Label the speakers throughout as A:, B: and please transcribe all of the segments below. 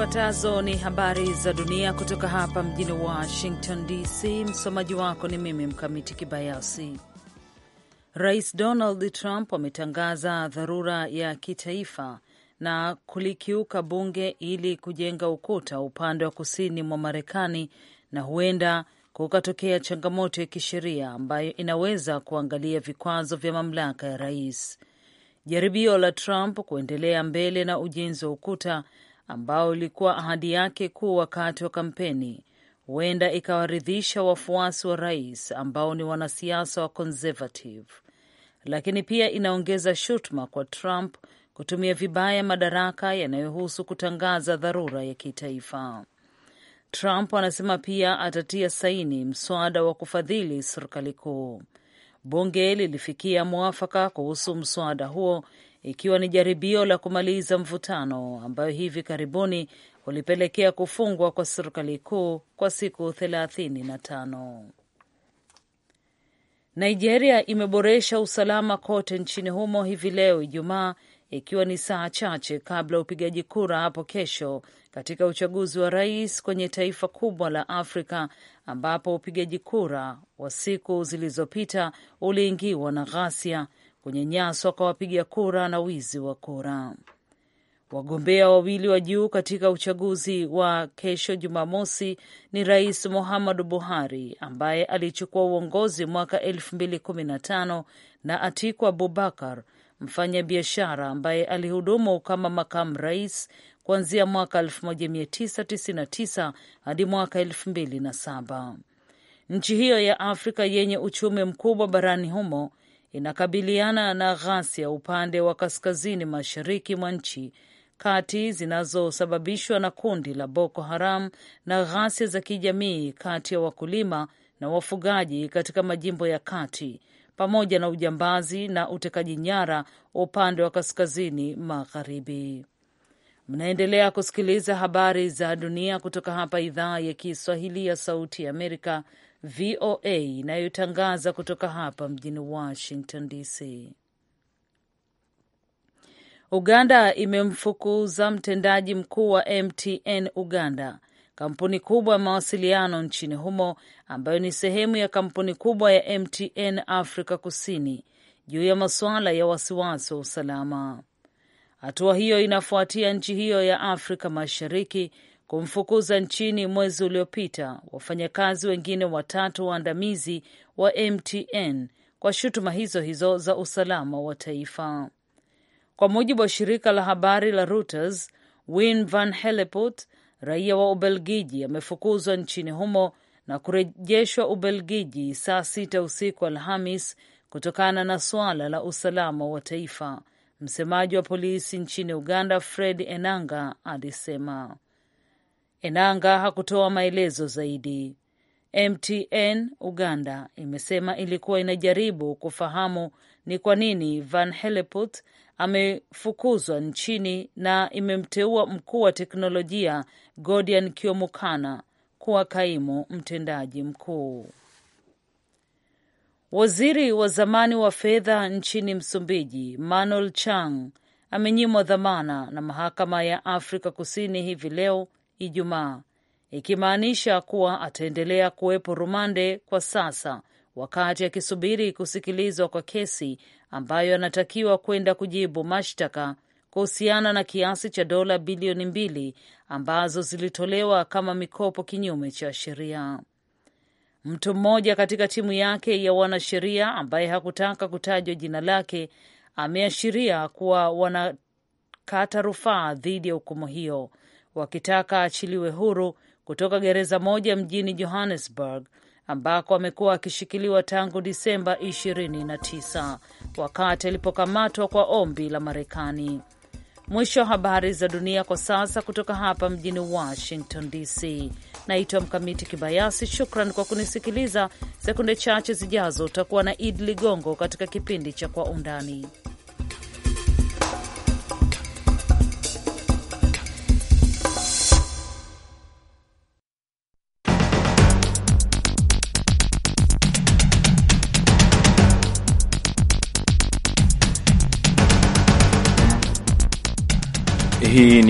A: Zifuatazo ni habari za dunia kutoka hapa mjini Washington DC. Msomaji wako ni mimi Mkamiti Kibayasi. Rais Donald Trump ametangaza dharura ya kitaifa na kulikiuka bunge ili kujenga ukuta upande wa kusini mwa Marekani, na huenda kukatokea changamoto ya kisheria ambayo inaweza kuangalia vikwazo vya mamlaka ya rais. Jaribio la Trump kuendelea mbele na ujenzi wa ukuta ambao ilikuwa ahadi yake kuu wakati wa kampeni, huenda ikawaridhisha wafuasi wa rais ambao ni wanasiasa wa conservative, lakini pia inaongeza shutuma kwa Trump kutumia vibaya madaraka yanayohusu kutangaza dharura ya kitaifa. Trump anasema pia atatia saini mswada wa kufadhili serikali kuu. Bunge lilifikia mwafaka kuhusu mswada huo ikiwa ni jaribio la kumaliza mvutano ambayo hivi karibuni ulipelekea kufungwa kwa serikali kuu kwa siku thelathini na tano. Nigeria imeboresha usalama kote nchini humo hivi leo Ijumaa, ikiwa ni saa chache kabla upigaji kura hapo kesho katika uchaguzi wa rais kwenye taifa kubwa la Afrika ambapo upigaji kura wa siku zilizopita uliingiwa na ghasia kunyanyaswa kwa wapiga kura na wizi wa kura. Wagombea wawili wa juu katika uchaguzi wa kesho Jumamosi ni Rais Muhammadu Buhari ambaye alichukua uongozi mwaka elfu na Atiku Abubakar, mfanyabiashara ambaye alihudumu kama makamu rais kuanzia mwaka 1999 hadi mwaka 2007. Nchi hiyo ya Afrika yenye uchumi mkubwa barani humo inakabiliana na ghasia upande wa kaskazini mashariki mwa nchi kati zinazosababishwa na kundi la Boko Haram na ghasia za kijamii kati ya wakulima na wafugaji katika majimbo ya kati pamoja na ujambazi na utekaji nyara wa upande wa kaskazini magharibi. Mnaendelea kusikiliza habari za dunia kutoka hapa idhaa ya Kiswahili ya Sauti ya Amerika VOA inayotangaza kutoka hapa mjini Washington DC. Uganda imemfukuza mtendaji mkuu wa MTN Uganda, kampuni kubwa ya mawasiliano nchini humo ambayo ni sehemu ya kampuni kubwa ya MTN Afrika Kusini juu ya masuala ya wasiwasi wa usalama. Hatua hiyo inafuatia nchi hiyo ya Afrika Mashariki kumfukuza nchini mwezi uliopita wafanyakazi wengine watatu waandamizi wa MTN kwa shutuma hizo hizo za usalama wa taifa. Kwa mujibu wa shirika la habari la Reuters, Win van Helleport, raia wa Ubelgiji, amefukuzwa nchini humo na kurejeshwa Ubelgiji saa sita usiku Alhamis kutokana na suala la usalama wa taifa. Msemaji wa polisi nchini Uganda, Fred Enanga, alisema Enanga hakutoa maelezo zaidi. MTN Uganda imesema ilikuwa inajaribu kufahamu ni kwa nini Van Heleput amefukuzwa nchini na imemteua mkuu wa teknolojia Godian Kiomukana kuwa kaimu mtendaji mkuu. Waziri wa zamani wa fedha nchini Msumbiji Manuel Chang amenyimwa dhamana na mahakama ya Afrika Kusini hivi leo Ijumaa, ikimaanisha kuwa ataendelea kuwepo rumande kwa sasa wakati akisubiri kusikilizwa kwa kesi ambayo anatakiwa kwenda kujibu mashtaka kuhusiana na kiasi cha dola bilioni mbili ambazo zilitolewa kama mikopo kinyume cha sheria. Mtu mmoja katika timu yake ya wanasheria ambaye hakutaka kutajwa jina lake ameashiria kuwa wanakata rufaa dhidi ya hukumu hiyo, wakitaka aachiliwe huru kutoka gereza moja mjini Johannesburg ambako amekuwa akishikiliwa tangu Disemba 29 wakati alipokamatwa kwa ombi la Marekani. Mwisho wa habari za dunia kwa sasa, kutoka hapa mjini Washington DC. Naitwa Mkamiti Kibayasi. Shukran kwa kunisikiliza. Sekunde chache zijazo utakuwa na Id Ligongo katika kipindi cha Kwa Undani.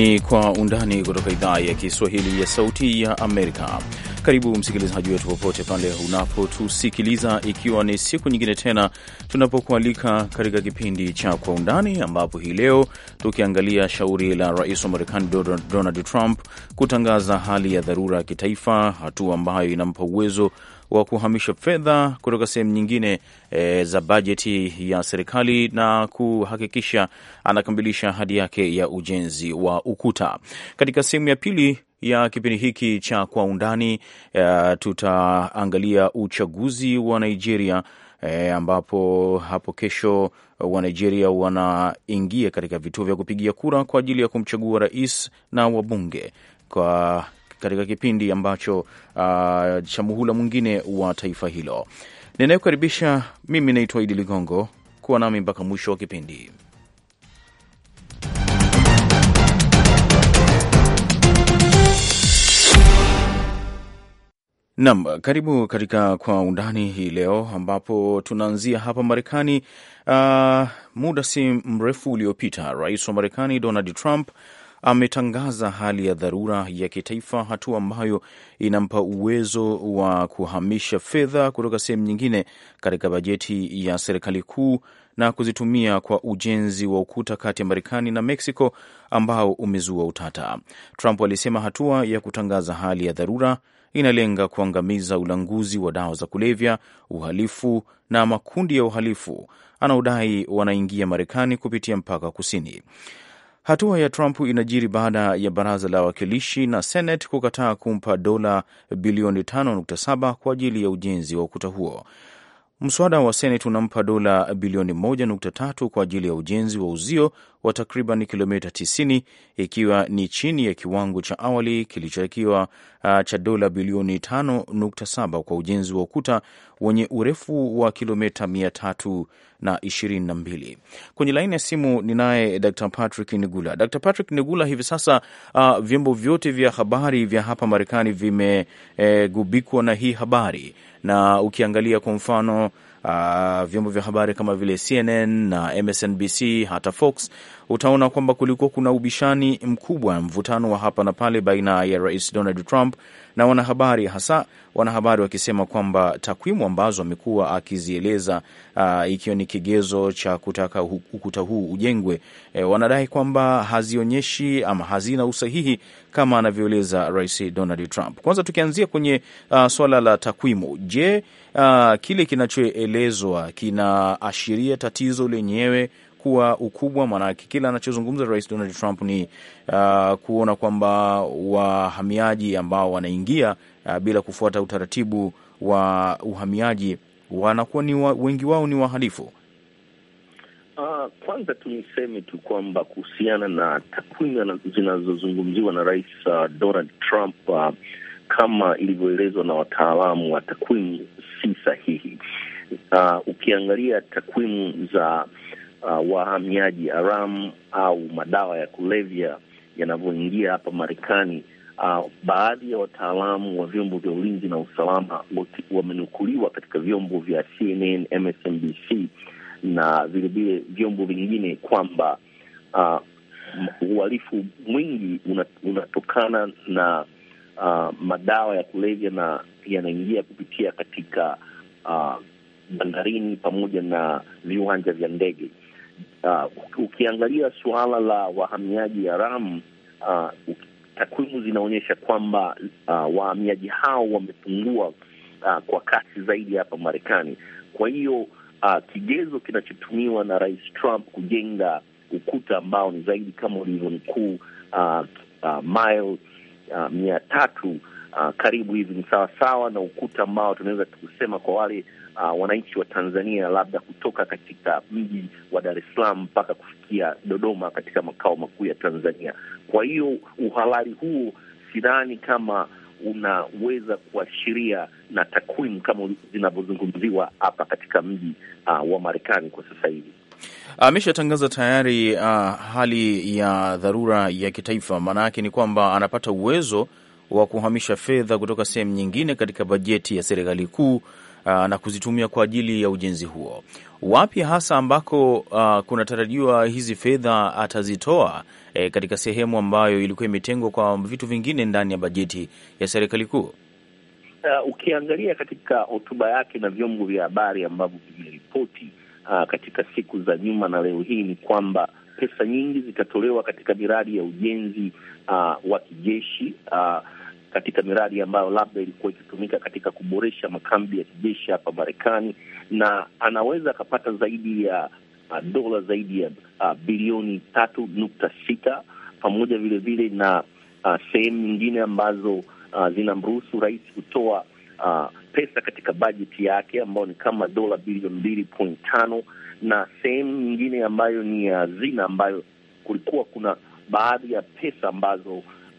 B: ni Kwa Undani kutoka idhaa ya Kiswahili ya Sauti ya Amerika. Karibu msikilizaji wetu popote pale unapotusikiliza, ikiwa ni siku nyingine tena tunapokualika katika kipindi cha Kwa Undani, ambapo hii leo tukiangalia shauri la rais wa Marekani Donald Trump kutangaza hali ya dharura ya kitaifa, hatua ambayo inampa uwezo wa kuhamisha fedha kutoka sehemu nyingine e, za bajeti ya serikali na kuhakikisha anakamilisha ahadi yake ya ujenzi wa ukuta. Katika sehemu ya pili ya kipindi hiki cha Kwa Undani e, tutaangalia uchaguzi wa Nigeria e, ambapo hapo kesho wa Nigeria wanaingia katika vituo vya kupigia kura kwa ajili ya kumchagua rais na wabunge kwa katika kipindi ambacho uh, cha muhula mwingine wa taifa hilo. Ninayokaribisha mimi naitwa Idi Ligongo, kuwa nami mpaka mwisho wa kipindi. Nam, karibu katika Kwa Undani hii leo, ambapo tunaanzia hapa Marekani. Uh, muda si mrefu uliopita, rais wa Marekani Donald Trump ametangaza hali ya dharura ya kitaifa, hatua ambayo inampa uwezo wa kuhamisha fedha kutoka sehemu nyingine katika bajeti ya serikali kuu na kuzitumia kwa ujenzi wa ukuta kati ya Marekani na Mexico ambao umezua utata. Trump alisema hatua ya kutangaza hali ya dharura inalenga kuangamiza ulanguzi wa dawa za kulevya, uhalifu na makundi ya uhalifu anaodai wanaingia Marekani kupitia mpaka kusini. Hatua ya Trump inajiri baada ya baraza la wawakilishi na Senate kukataa kumpa dola bilioni 5.7 kwa ajili ya ujenzi wa ukuta huo. Mswada wa Senate unampa dola bilioni 1.3 kwa ajili ya ujenzi wa uzio wa takriban kilomita 90 ikiwa ni chini ya kiwango cha awali kilichotakiwa uh, cha dola bilioni 5.7 kwa ujenzi wa ukuta wenye urefu wa kilomita 322. Kwenye laini ya simu ni naye Dr. Patrick Nigula. Dr. Patrick Nigula, hivi sasa uh, vyombo vyote vya habari vya hapa Marekani vimegubikwa eh, na hii habari na ukiangalia kwa mfano uh, vyombo vya habari kama vile CNN na MSNBC hata Fox, utaona kwamba kulikuwa kuna ubishani mkubwa, mvutano wa hapa na pale baina ya Rais Donald Trump na wanahabari, hasa wanahabari wakisema kwamba takwimu ambazo amekuwa akizieleza uh, ikiwa ni kigezo cha kutaka ukuta huu ujengwe, eh, wanadai kwamba hazionyeshi ama hazina usahihi kama anavyoeleza Rais Donald Trump. Kwanza tukianzia kwenye uh, swala la takwimu, je, uh, kile kinachoelezwa kinaashiria tatizo lenyewe kuwa ukubwa? Maanake kile anachozungumza Rais Donald Trump ni uh, kuona kwamba wahamiaji ambao wanaingia uh, bila kufuata utaratibu wa uhamiaji wanakuwa ni wa, wengi wao ni wahalifu
C: Uh, kwanza tu niseme tu kwamba kuhusiana na takwimu zinazozungumziwa na Rais uh, Donald Trump uh, kama ilivyoelezwa na wataalamu wa takwimu si sahihi. Uh, ukiangalia takwimu za uh, wahamiaji haramu au madawa ya kulevya yanavyoingia hapa Marekani, uh, baadhi ya wataalamu wa vyombo vya ulinzi na usalama wamenukuliwa katika vyombo vya CNN, MSNBC na vilevile vyombo vingine kwamba uh, uhalifu mwingi unatokana na uh, madawa ya kulevya na yanaingia kupitia katika uh, bandarini pamoja na viwanja vya ndege. Uh, ukiangalia suala la wahamiaji haramu uh, takwimu zinaonyesha kwamba uh, wahamiaji hao wamepungua uh, kwa kasi zaidi hapa Marekani. Kwa hiyo uh, kigezo kinachotumiwa na Rais Trump kujenga ukuta ambao ni zaidi kama ulivyo mkuu uh, uh, mile uh, mia tatu uh, karibu hivi ni sawasawa na ukuta ambao tunaweza kusema kwa wale uh, wananchi wa Tanzania labda kutoka katika mji wa Dar es Salaam mpaka kufikia Dodoma katika makao makuu ya Tanzania. Kwa hiyo uhalali huo sidhani kama unaweza kuashiria na takwimu kama zinavyozungumziwa hapa katika mji uh, wa Marekani kwa sasa hivi.
B: Ameshatangaza uh, tayari uh, hali ya dharura ya kitaifa. Maana yake ni kwamba anapata uwezo wa kuhamisha fedha kutoka sehemu nyingine katika bajeti ya serikali kuu uh, na kuzitumia kwa ajili ya ujenzi huo. Wapi hasa ambako uh, kunatarajiwa hizi fedha atazitoa eh, katika sehemu ambayo ilikuwa imetengwa kwa vitu vingine ndani ya bajeti ya serikali kuu?
C: uh, ukiangalia katika hotuba yake na vyombo vya habari ambavyo vimeripoti uh, katika siku za nyuma na leo hii ni kwamba pesa nyingi zitatolewa katika miradi ya ujenzi uh, wa kijeshi uh, katika miradi ambayo labda ilikuwa ikitumika katika kuboresha makambi ya kijeshi hapa Marekani, na anaweza akapata zaidi ya uh, dola zaidi ya uh, bilioni tatu nukta sita pamoja vilevile na uh, sehemu nyingine ambazo uh, ah, zinamruhusu rais kutoa uh, pesa katika bajeti yake ambayo ni kama dola bilioni mbili point tano na sehemu nyingine ambayo ni ya zina ambayo kulikuwa kuna baadhi ya pesa ambazo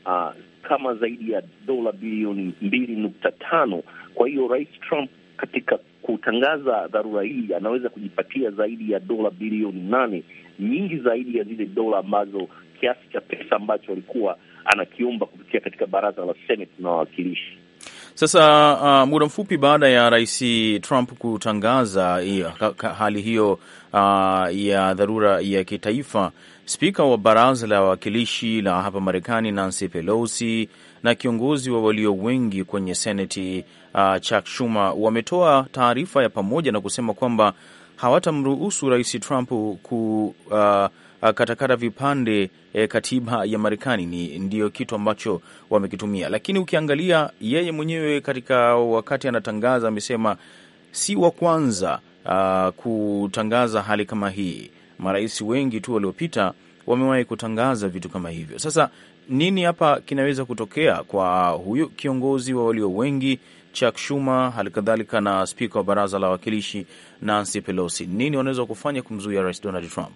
C: uh, kama zaidi ya dola bilioni mbili nukta tano. Kwa hiyo rais Trump katika kutangaza dharura hii anaweza kujipatia zaidi ya dola bilioni nane, nyingi zaidi ya zile dola ambazo kiasi cha pesa ambacho alikuwa anakiumba kupitia katika baraza la Senate na wawakilishi.
B: Sasa uh, muda mfupi baada ya Rais Trump kutangaza hali hiyo uh, ya dharura ya kitaifa, spika wa baraza la wawakilishi la hapa Marekani Nancy Pelosi na kiongozi wa walio wengi kwenye seneti uh, Chuck Schumer wametoa taarifa ya pamoja na kusema kwamba hawatamruhusu Rais Trump ku uh, Eh, katakata vipande e, katiba ya Marekani ni ndiyo kitu ambacho wamekitumia, lakini ukiangalia yeye mwenyewe katika wakati anatangaza amesema si wa kwanza a, ah, kutangaza hali kama hii. Marais wengi tu waliopita wamewahi kutangaza vitu kama hivyo. Sasa nini hapa kinaweza kutokea kwa huyu kiongozi wa walio wengi Chuck Schumer, halikadhalika na spika wa baraza la wawakilishi Nancy Pelosi? Nini wanaweza kufanya kumzuia Rais Donald Trump?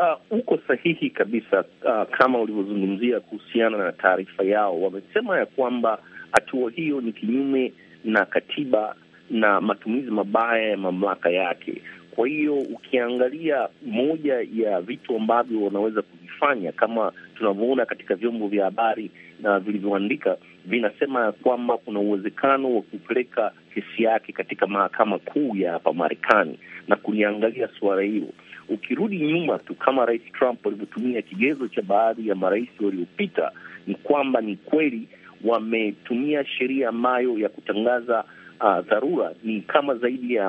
C: uh, uko sahihi kabisa. Uh, kama ulivyozungumzia kuhusiana na taarifa yao, wamesema ya kwamba hatua hiyo ni kinyume na katiba na matumizi mabaya ya mamlaka yake. Kwa hiyo ukiangalia moja ya vitu ambavyo wanaweza kuvifanya kama tunavyoona katika vyombo vya habari na vilivyoandika vinasema ya kwamba kuna uwezekano wa kupeleka kesi yake katika mahakama kuu ya hapa Marekani na kuliangalia suala hilo. Ukirudi nyuma tu kama Rais Trump walivyotumia kigezo cha baadhi ya marais waliopita, ni kwamba ni kweli wametumia sheria ambayo ya kutangaza uh, dharura ni kama zaidi ya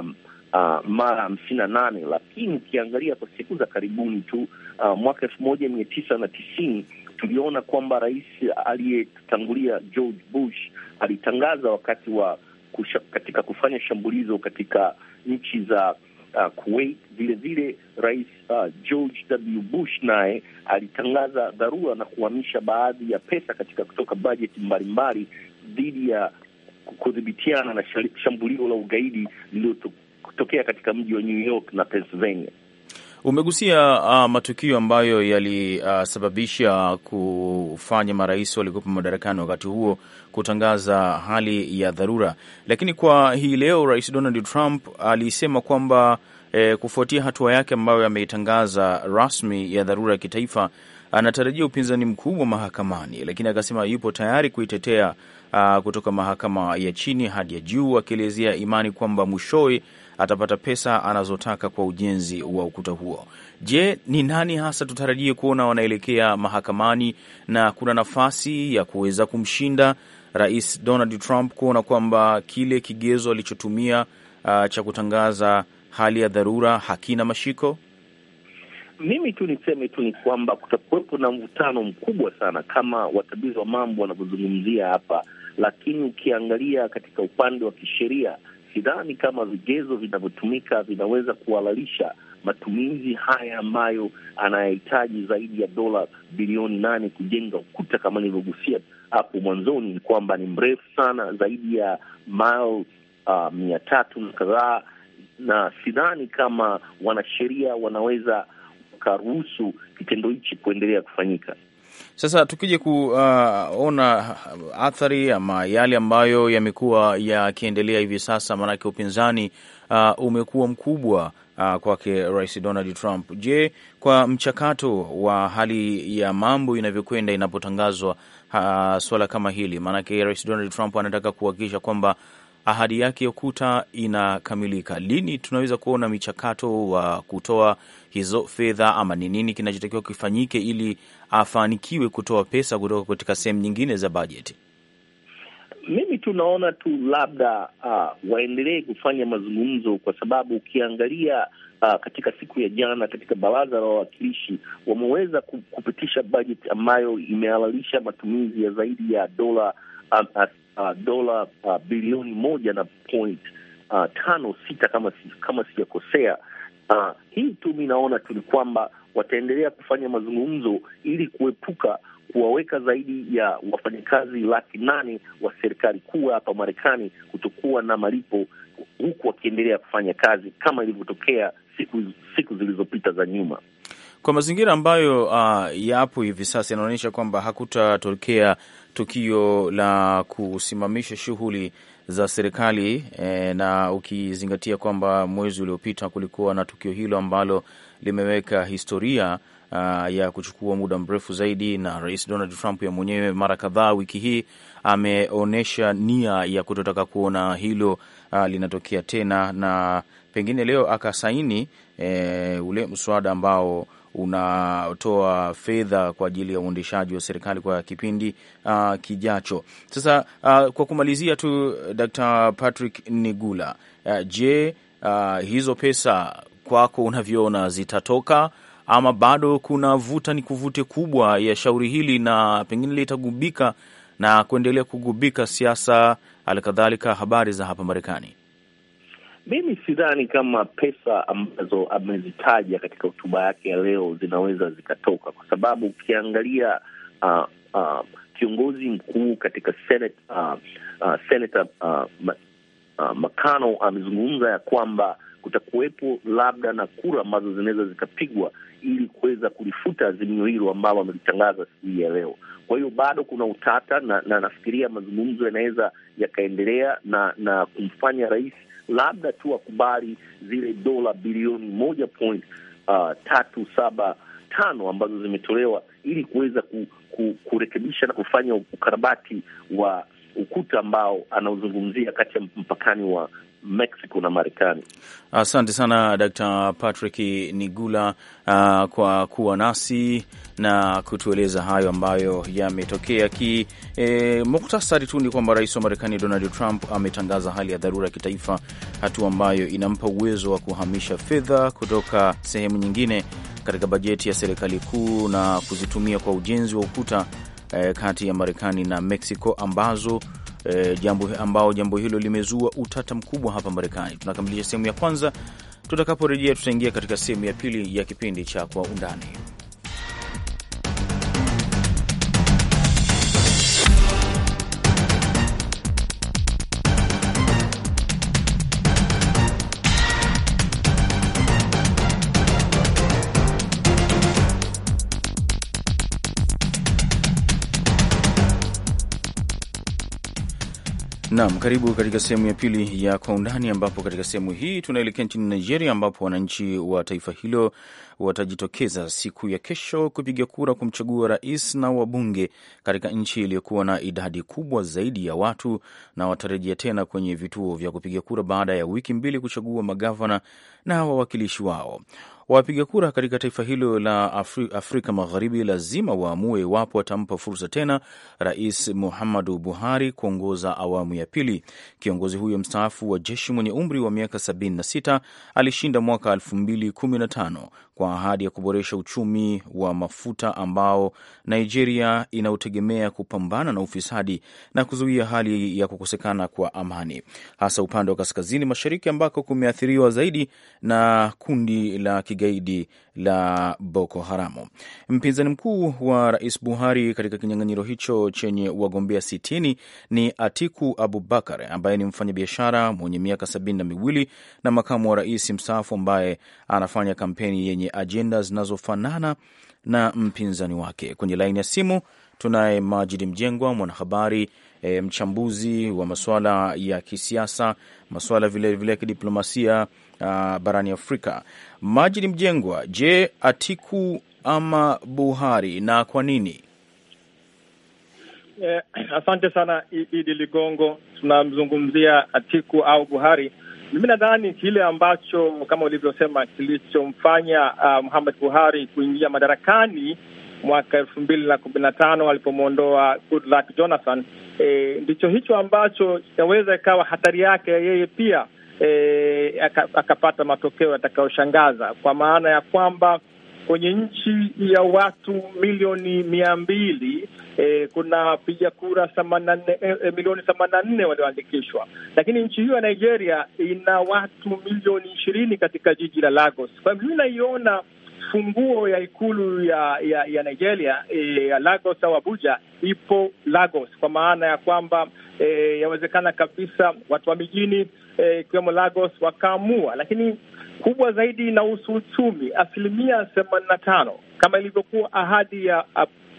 C: uh, mara hamsini na nane, lakini ukiangalia kwa siku za karibuni tu uh, mwaka elfu moja mia tisa na tisini tuliona kwamba rais aliyetangulia George Bush alitangaza wakati wa kusha, katika kufanya shambulizo katika nchi za uh, Kuwait. vile Rais uh, George W. Bush naye alitangaza dharura na kuhamisha baadhi ya pesa katika kutoka bajeti mbalimbali dhidi ya kudhibitiana na shambulio la ugaidi lililotokea katika mji wa New York na Pennsylvania.
B: Umegusia uh, matukio ambayo yalisababisha uh, kufanya marais waliokuwepo madarakani wakati huo kutangaza hali ya dharura, lakini kwa hii leo Rais Donald Trump alisema kwamba eh, kufuatia hatua yake ambayo ameitangaza rasmi ya dharura ya kitaifa anatarajia upinzani mkubwa mahakamani, lakini akasema yupo tayari kuitetea uh, kutoka mahakama ya chini hadi ya juu, akielezea imani kwamba mwishowe atapata pesa anazotaka kwa ujenzi wa ukuta huo. Je, ni nani hasa tutarajie kuona wanaelekea mahakamani na kuna nafasi ya kuweza kumshinda Rais Donald Trump kuona kwamba kile kigezo alichotumia uh, cha kutangaza hali ya dharura hakina mashiko?
C: Mimi tu niseme tu ni kwamba kutakuwepo na mvutano mkubwa sana kama watabiri wa mambo wanavyozungumzia hapa, lakini ukiangalia katika upande wa kisheria sidhani kama vigezo vinavyotumika vinaweza kuhalalisha matumizi haya ambayo anayahitaji zaidi ya dola bilioni nane kujenga ukuta. Kama nilivyogusia hapo mwanzoni, ni kwamba ni mrefu sana, zaidi ya mile uh, mia tatu na kadhaa, na sidhani kama wanasheria wanaweza wakaruhusu kitendo hichi kuendelea kufanyika.
B: Sasa tukija kuona uh, athari ama yale ambayo yamekuwa yakiendelea hivi sasa, maanake upinzani uh, umekuwa mkubwa uh, kwake Rais Donald Trump. Je, kwa mchakato wa hali ya mambo inavyokwenda inapotangazwa uh, swala kama hili, maanake Rais Donald Trump anataka kuhakikisha kwamba ahadi yake ya kuta inakamilika lini? Tunaweza kuona michakato wa kutoa hizo fedha, ama ni nini kinachotakiwa kifanyike ili afanikiwe kutoa pesa kutoka katika sehemu nyingine za bajeti?
C: Mimi tunaona tu labda uh, waendelee kufanya mazungumzo kwa sababu ukiangalia uh, katika siku ya jana katika baraza la wawakilishi wameweza kupitisha bajeti ambayo imehalalisha matumizi ya zaidi ya dola uh, uh, dola uh, bilioni moja na point uh, tano sita kama, kama sijakosea. Uh, hii tu mi naona tu ni kwamba wataendelea kufanya mazungumzo ili kuepuka kuwaweka zaidi ya wafanyakazi laki nane wa serikali kuu hapa Marekani kutokuwa na malipo huku wakiendelea kufanya kazi kama ilivyotokea siku, siku zilizopita za nyuma.
B: Kwa mazingira ambayo uh, yapo hivi sasa, yanaonyesha kwamba hakutatokea tukio la kusimamisha shughuli za serikali e, na ukizingatia kwamba mwezi uliopita kulikuwa na tukio hilo ambalo limeweka historia uh, ya kuchukua muda mrefu zaidi, na Rais Donald Trump ya mwenyewe mara kadhaa wiki hii ameonyesha nia ya kutotaka kuona hilo uh, linatokea tena, na pengine leo akasaini e, ule mswada ambao unatoa fedha kwa ajili ya uendeshaji wa serikali kwa kipindi uh, kijacho. Sasa uh, kwa kumalizia tu Dr. Patrick Nigula, uh, je, uh, hizo pesa kwako unavyoona zitatoka ama bado kuna vuta ni kuvute kubwa ya shauri hili na pengine litagubika na kuendelea kugubika siasa, halikadhalika habari za hapa Marekani?
C: Mimi sidhani kama pesa ambazo amezitaja katika hotuba yake ya leo zinaweza zikatoka, kwa sababu ukiangalia uh, uh, kiongozi mkuu katika Senate, uh, uh, Senator uh, uh, Makano amezungumza ya kwamba kutakuwepo labda na kura ambazo zinaweza zikapigwa ili kuweza kulifuta azimio hilo ambalo amelitangaza siku hii ya leo. Kwa hiyo bado kuna utata na, na nafikiria mazungumzo yanaweza yakaendelea na na kumfanya rais labda tu wakubali zile dola bilioni moja point uh, tatu saba tano ambazo zimetolewa ili kuweza ku, ku, kurekebisha na kufanya ukarabati wa ukuta ambao anaozungumzia kati ya mpakani wa Mexico na Marekani.
B: Asante sana d Patrick Nigula uh, kwa kuwa nasi na kutueleza hayo ambayo yametokea. Ki e, muktasari tu ni kwamba rais wa Marekani Donald Trump ametangaza hali ya dharura ya kitaifa, hatua ambayo inampa uwezo wa kuhamisha fedha kutoka sehemu nyingine katika bajeti ya serikali kuu na kuzitumia kwa ujenzi wa ukuta e, kati ya Marekani na Mexico ambazo Eh, jambo ambao jambo hilo limezua utata mkubwa hapa Marekani. Tunakamilisha sehemu ya kwanza, tutakaporejea tutaingia katika sehemu ya pili ya kipindi cha Kwa Undani. Naam, karibu katika sehemu ya pili ya Kwa Undani, ambapo katika sehemu hii tunaelekea nchini Nigeria, ambapo wananchi wa taifa hilo watajitokeza siku ya kesho kupiga kura kumchagua rais na wabunge katika nchi iliyokuwa na idadi kubwa zaidi ya watu, na watarejea tena kwenye vituo vya kupiga kura baada ya wiki mbili kuchagua magavana na wawakilishi wao. Wapiga kura katika taifa hilo la Afri, Afrika Magharibi lazima waamue iwapo watampa fursa tena Rais Muhammadu Buhari kuongoza awamu ya pili. Kiongozi huyo mstaafu wa jeshi mwenye umri wa miaka 76 alishinda mwaka 2015 kwa ahadi ya kuboresha uchumi wa mafuta ambao Nigeria inaotegemea kupambana na ufisadi na kuzuia hali ya kukosekana kwa amani, hasa upande wa kaskazini mashariki ambako kumeathiriwa zaidi na kundi la kigaidi la Boko Haramu. Mpinzani mkuu wa Rais Buhari katika kinyang'anyiro hicho chenye wagombea sitini ni Atiku Abubakar ambaye ni mfanyabiashara mwenye miaka sabini na miwili na makamu wa rais mstaafu ambaye anafanya kampeni yenye ajenda zinazofanana na mpinzani wake. Kwenye laini ya simu tunaye Majidi Mjengwa, mwanahabari e, mchambuzi wa masuala ya kisiasa, masuala vilevile ya kidiplomasia uh, barani Afrika. maji ni Mjengwa, je, Atiku ama Buhari na kwa nini?
D: Eh, asante sana Idi Ligongo. Tunamzungumzia Atiku au Buhari. Mimi nadhani kile ambacho kama ulivyosema kilichomfanya uh, Muhammad Buhari kuingia madarakani mwaka elfu mbili na kumi na tano alipomwondoa Goodluck Jonathan, eh, ndicho eh, hicho ambacho inaweza ikawa hatari yake yeye pia e, akapata matokeo yatakayoshangaza kwa maana ya kwamba kwenye nchi ya watu milioni mia mbili e, kuna piga kura e, e, milioni themanini na nne walioandikishwa, lakini nchi hiyo ya Nigeria ina watu milioni ishirini katika jiji la Lagos. Kwa hivyo mi naiona funguo ya ikulu ya ya, ya Nigeria e, ya Lagos au Abuja ipo Lagos, kwa maana ya kwamba e, yawezekana kabisa watu wa mijini e, ikiwemo e, Lagos wakaamua, lakini kubwa zaidi inahusu uchumi. Asilimia themanini na tano kama ilivyokuwa ahadi ya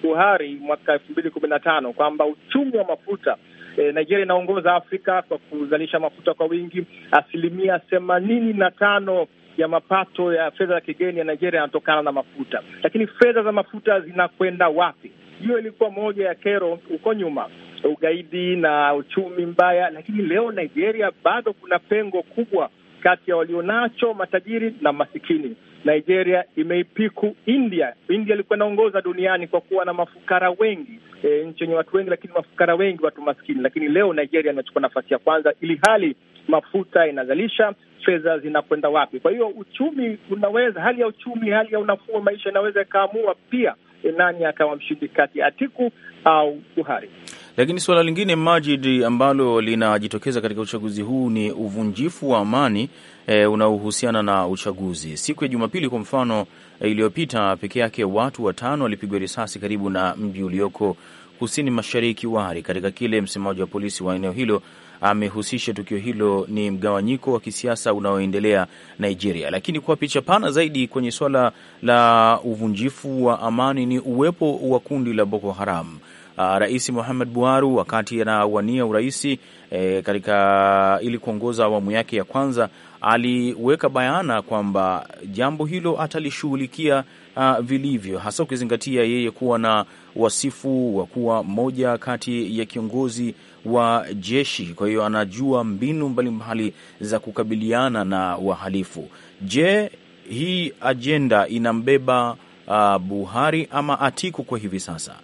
D: Buhari mwaka elfu mbili kumi na tano kwamba uchumi wa mafuta e, Nigeria inaongoza Afrika kwa kuzalisha mafuta kwa wingi asilimia themanini na tano ya mapato ya fedha za kigeni ya Nigeria yanatokana na mafuta, lakini fedha za mafuta zinakwenda wapi? Hiyo ilikuwa moja ya kero huko nyuma, ugaidi na uchumi mbaya, lakini leo Nigeria bado kuna pengo kubwa kati ya walionacho matajiri na masikini. Nigeria imeipiku India. India ilikuwa inaongoza duniani kwa kuwa na mafukara wengi, e, nchi yenye watu wengi, lakini mafukara wengi, watu maskini. Lakini leo Nigeria inachukua nafasi ya kwanza, ili hali mafuta inazalisha fedha zinakwenda wapi. Kwa hiyo uchumi unaweza, hali ya uchumi, hali ya unafuu wa maisha inaweza ikaamua pia eh, nani akawa mshindi kati Atiku au Buhari.
B: Lakini suala lingine Majid, ambalo linajitokeza katika uchaguzi huu ni uvunjifu wa amani e, unaohusiana na uchaguzi. Siku ya Jumapili kwa mfano e, iliyopita peke yake watu watano walipigwa risasi karibu na mji ulioko kusini mashariki Wari, katika kile msemaji wa polisi wa eneo hilo amehusisha tukio hilo ni mgawanyiko wa kisiasa unaoendelea Nigeria. Lakini kwa picha pana zaidi kwenye suala la uvunjifu wa amani ni uwepo wa kundi la Boko Haram. Ah, Rais Muhammad Buhari wakati anawania uraisi e, eh, katika ili kuongoza awamu yake ya kwanza aliweka bayana kwamba jambo hilo atalishughulikia uh, vilivyo, hasa ukizingatia yeye kuwa na wasifu wa kuwa moja kati ya kiongozi wa jeshi. Kwa hiyo anajua mbinu mbalimbali za kukabiliana na wahalifu. Je, hii ajenda inambeba uh, Buhari ama Atiku kwa hivi sasa?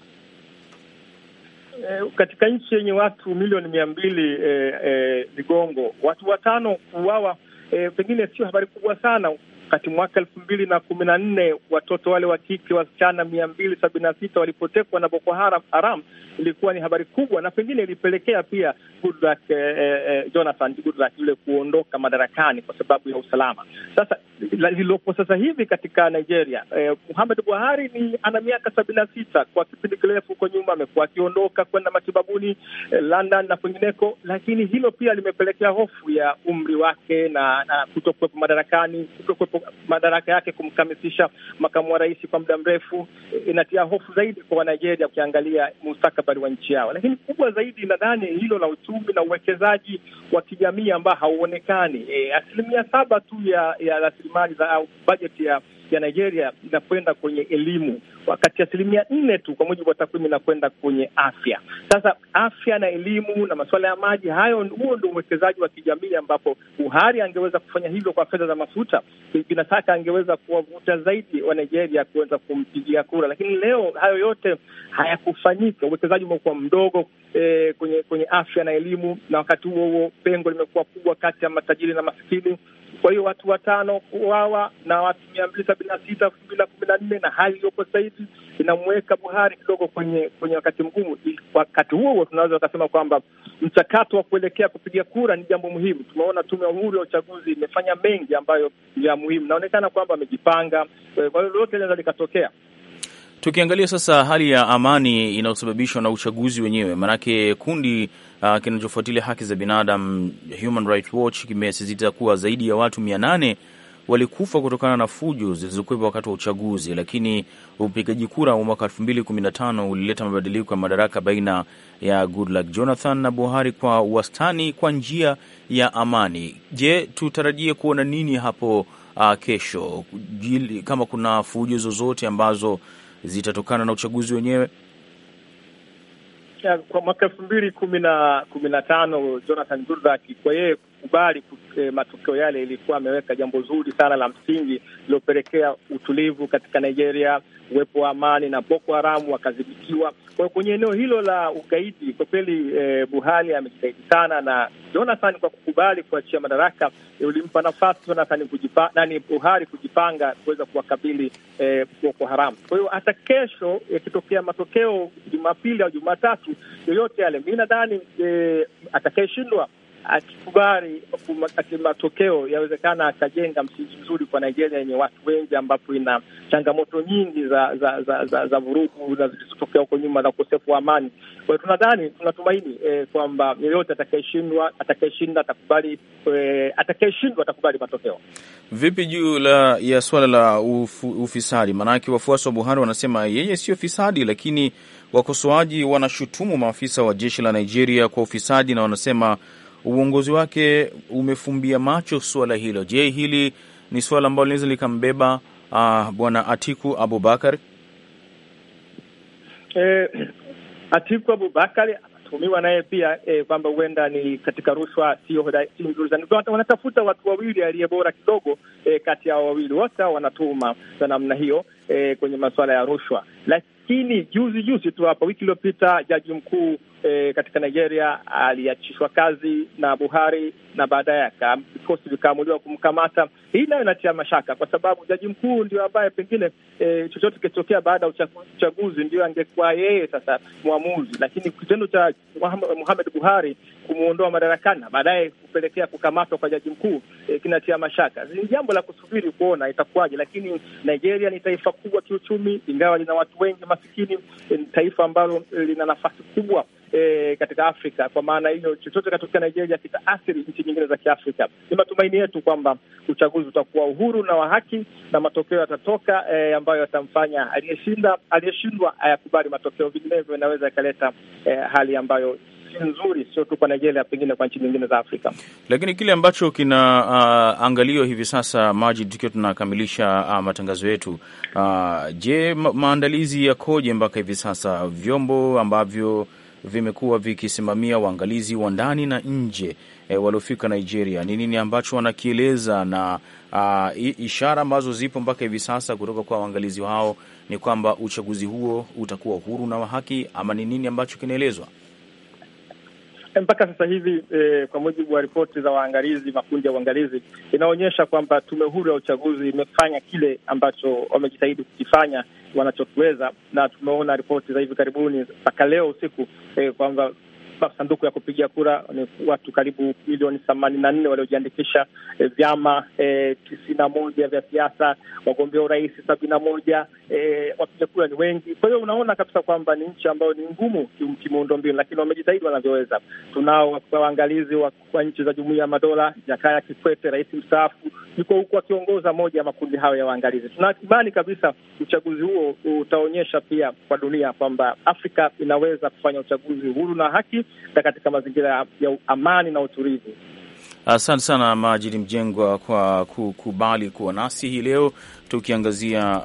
D: Eh, katika nchi yenye watu milioni mia mbili vigongo eh, eh, watu watano kuuawa eh, pengine sio habari kubwa sana wakati mwaka elfu mbili na kumi na nne watoto wale wa kike wasichana mia mbili sabini na sita walipotekwa na Boko Haram ilikuwa ni habari kubwa, na pengine ilipelekea pia Goodluck, eh, eh, eh, Jonathan Goodluck yule kuondoka madarakani kwa sababu ya usalama. Sasa lililopo sasa hivi katika Nigeria, eh, Muhammad Buhari ni ana miaka sabini na sita. Kwa kipindi kirefu huko nyuma amekuwa akiondoka kwenda matibabuni eh, London na kwingineko, lakini hilo pia limepelekea hofu ya umri wake na, na kutokuwepo madarakani, kutokuwepo madaraka yake kumkamisisha makamu wa rais kwa muda mrefu, inatia hofu zaidi kwa Wanigeria ukiangalia mustakabali wa nchi yao. Lakini kubwa zaidi nadhani hilo la uchumi na uwekezaji wa kijamii ambao hauonekani. E, asilimia saba tu ya, ya rasilimali au bajeti ya ya Nigeria inakwenda kwenye elimu, wakati asilimia nne tu kwa mujibu wa takwimu inakwenda kwenye afya. Sasa afya na elimu na masuala ya maji hayo, huo ndio uwekezaji wa kijamii, ambapo Buhari angeweza kufanya hivyo kwa fedha za mafuta. Bila shaka angeweza kuwavuta zaidi wa Nigeria kuweza kumpigia kura, lakini leo hayo yote hayakufanyika. Uwekezaji umekuwa mdogo eh, kwenye kwenye afya na elimu, na wakati huo huo pengo limekuwa kubwa kati ya matajiri na masikini kwa hiyo watu watano kuuawa na watu mia mbili sabini na sita elfu mbili na kumi na nne na hali iliyopo sasa hivi inamweka Buhari kidogo kwenye kwenye wakati mgumu. Wakati huo huo, tunaweza wakasema kwamba mchakato wa kuelekea kupiga kura ni jambo muhimu. Tumeona tume uhuru ya uchaguzi imefanya mengi ambayo ni ya muhimu, naonekana kwamba amejipanga. Kwa hiyo lolote linaweza likatokea.
B: Tukiangalia sasa hali ya amani inayosababishwa na uchaguzi wenyewe, maanake kundi uh, kinachofuatilia haki za binadamu Human Rights Watch kimesisitiza kuwa zaidi ya watu mia nane walikufa kutokana na fujo zilizokuwepo wakati wa uchaguzi, lakini upigaji kura wa mwaka 2015 ulileta mabadiliko ya madaraka baina ya Goodluck Jonathan na Buhari kwa wastani, kwa njia ya amani. Je, tutarajie kuona nini hapo uh, kesho, kama kuna fujo zozote ambazo zitatokana na uchaguzi wenyewe?
D: Kwa mwaka elfu mbili kumi na kumi na tano Jonathan Goodluck kwa yeye kukubali e, eh, matokeo yale ilikuwa ameweka jambo zuri sana la msingi lilopelekea utulivu katika Nigeria, uwepo wa amani na Boko Haramu wakadhibitiwa. Kwa hiyo kwenye eneo hilo la ugaidi kwa kweli e, Buhari amejitahidi sana, na Jonathan kwa kukubali kuachia madaraka eh, ulimpa nafasi Jonathan kujipa, nani Buhari kujipanga kuweza kuwakabili e, Boko haram Kwa hiyo hata kesho yakitokea matokeo Jumapili au Jumatatu yoyote yale, mi nadhani e, atakayeshindwa akikubali matokeo, yawezekana akajenga msingi mzuri kwa Nigeria yenye watu wengi, ambapo ina changamoto nyingi za za za, za, za vurugu na zilizotokea huko nyuma za ukosefu wa amani. Kwa hiyo tunadhani tunatumaini eh, kwamba yeyote atakayeshindwa atakayeshinda atakubali eh, atakayeshindwa atakubali matokeo.
B: Vipi juu la ya suala la ufisadi? Maanake wafuasi wa Buhari wanasema yeye sio fisadi, lakini wakosoaji wanashutumu maafisa wa jeshi la Nigeria kwa ufisadi na wanasema uongozi wake umefumbia macho suala hilo. Je, hili ni suala ambalo linaweza likambeba uh, bwana Atiku Abubakar?
D: Eh, Atiku Abubakar anatuhumiwa naye pia eh, kwamba huenda ni katika rushwa sio nzuri sana. Wanatafuta watu wawili aliye bora kidogo eh, kati ya wawili wote hao wanatuma za namna hiyo eh, kwenye masuala ya rushwa. Lakini juzi juzi tu hapa wiki iliyopita jaji mkuu e, katika Nigeria aliachishwa kazi na Buhari na baadaye vikosi vikaamuliwa kumkamata. Hii nayo inatia mashaka, kwa sababu jaji mkuu ndio ambaye pengine e, chochote kitokea baada ya uchaguzi ndio angekuwa yeye sasa mwamuzi, lakini kitendo cha Muhamed Buhari kumwondoa madarakani na baadaye kupelekea kukamatwa kwa jaji mkuu e, kinatia mashaka. Ni jambo la kusubiri kuona itakuwaje, lakini Nigeria ni taifa kubwa kiuchumi, ingawa lina watu wengi masikini, e, taifa ambalo e, lina nafasi kubwa e, katika Afrika. Kwa maana hiyo, chochote katokea Nigeria kitaathiri nchi nyingine za Kiafrika. Ni matumaini yetu kwamba uchaguzi utakuwa uhuru na wa haki na matokeo yatatoka e, ambayo yatamfanya aliyeshinda aliyeshindwa ayakubali matokeo, vinginevyo inaweza ikaleta e, hali ambayo si nzuri, sio tu kwa Nigeria, pengine kwa nchi nyingine za Afrika.
B: Lakini kile ambacho kina uh, angaliwa hivi sasa, Majid, tukiwa tunakamilisha uh, matangazo yetu uh, je, ma maandalizi yakoje mpaka hivi sasa, vyombo ambavyo vimekuwa vikisimamia waangalizi wa ndani na nje e, waliofika Nigeria. Ni nini ambacho wanakieleza na a, ishara ambazo zipo mpaka hivi sasa kutoka kwa waangalizi hao ni kwamba uchaguzi huo utakuwa huru na wa haki, ama ni nini ambacho kinaelezwa?
D: Eh, mpaka sasa hivi e, kwa mujibu wa ripoti za waangalizi, makundi ya uangalizi inaonyesha kwamba tume huru ya uchaguzi imefanya kile ambacho wamejitahidi kukifanya wanachokiweza, na tumeona ripoti za hivi karibuni mpaka leo usiku e, kwamba masanduku ya kupigia kura ni watu karibu milioni themanini na nne waliojiandikisha e, vyama e, tisini na moja vya siasa, wagombea urais sabini na moja e, wapiga kura ni wengi. Kwa hiyo unaona kabisa kwamba ni nchi ambayo ni ngumu mbinu lakini wamejitahidi wanavyoweza. Tunao waangalizi wa nchi za jumuia ya Madola, Jakaya Kikwete, rais mstaafu yuko huku akiongoza moja ya makundi hayo ya waangalizi. Tuna imani kabisa uchaguzi huo utaonyesha pia kwa dunia kwamba Afrika inaweza kufanya uchaguzi huru na haki na katika mazingira ya amani na utulivu.
B: Asante sana Majidi Mjengwa kwa kukubali kuwa nasi hii leo tukiangazia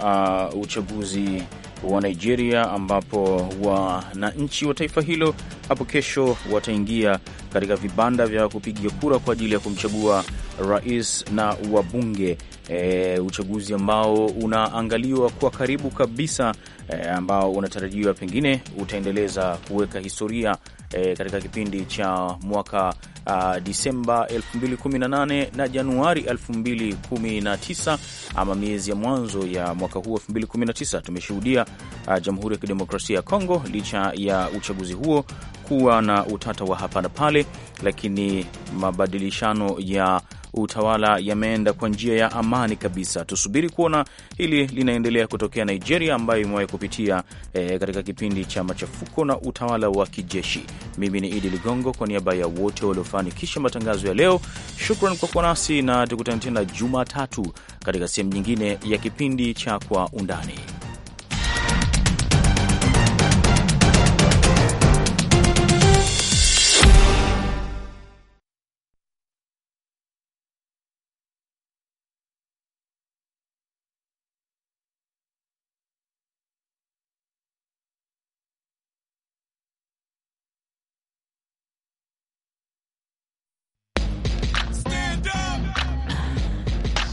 B: uh, uchaguzi wa Nigeria ambapo wananchi wa taifa hilo hapo kesho wataingia katika vibanda vya kupiga kura kwa ajili ya kumchagua rais na wabunge. E, uchaguzi ambao unaangaliwa kwa karibu kabisa e, ambao unatarajiwa pengine utaendeleza kuweka historia e, katika kipindi cha mwaka a, ah, Disemba 2018 na Januari 2019 ama miezi ya mwanzo ya mwaka huu 2019, tumeshuhudia ah, Jamhuri ya Kidemokrasia ya Kongo, licha ya uchaguzi huo kuwa na utata wa hapa na pale, lakini mabadilishano ya utawala yameenda kwa njia ya amani kabisa. Tusubiri kuona hili linaendelea kutokea Nigeria, ambayo imewahi kupitia e, katika kipindi cha machafuko na utawala wa kijeshi. Mimi ni Idi Ligongo, kwa niaba ya wote waliofanikisha matangazo ya leo, shukran kwa kuwa nasi na tukutane tena Jumatatu katika sehemu nyingine ya kipindi cha Kwa Undani.